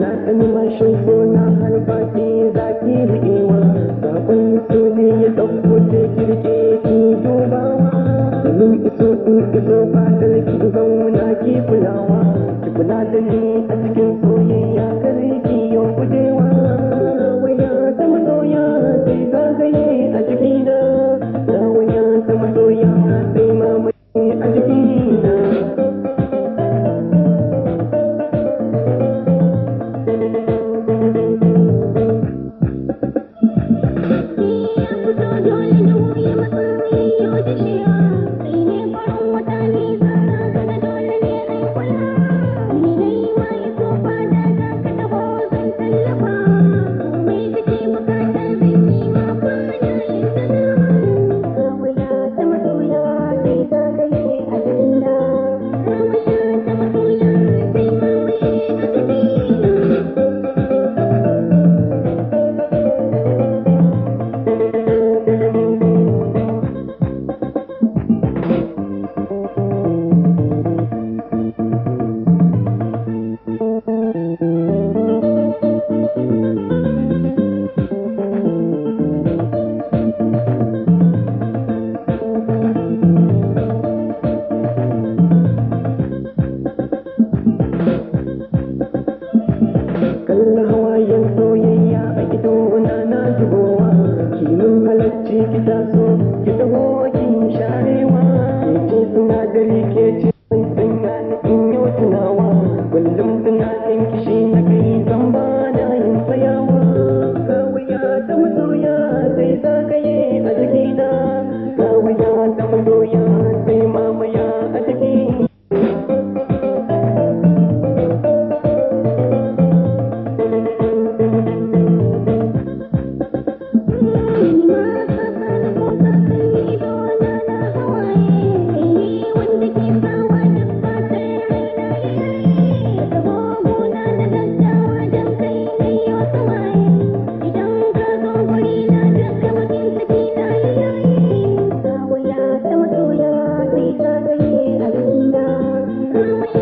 na ɗan mashin ko na harfaɗi zaki riƙewa saƙon so ne ya ɗauko da kirke ki dubawa domin iso in iso ba talaki zauna ki kulawa ki kula da ni a cikin kalla hawayen soyayya a gido na na zubowa kimin halarci ki taso ki taho Thank you.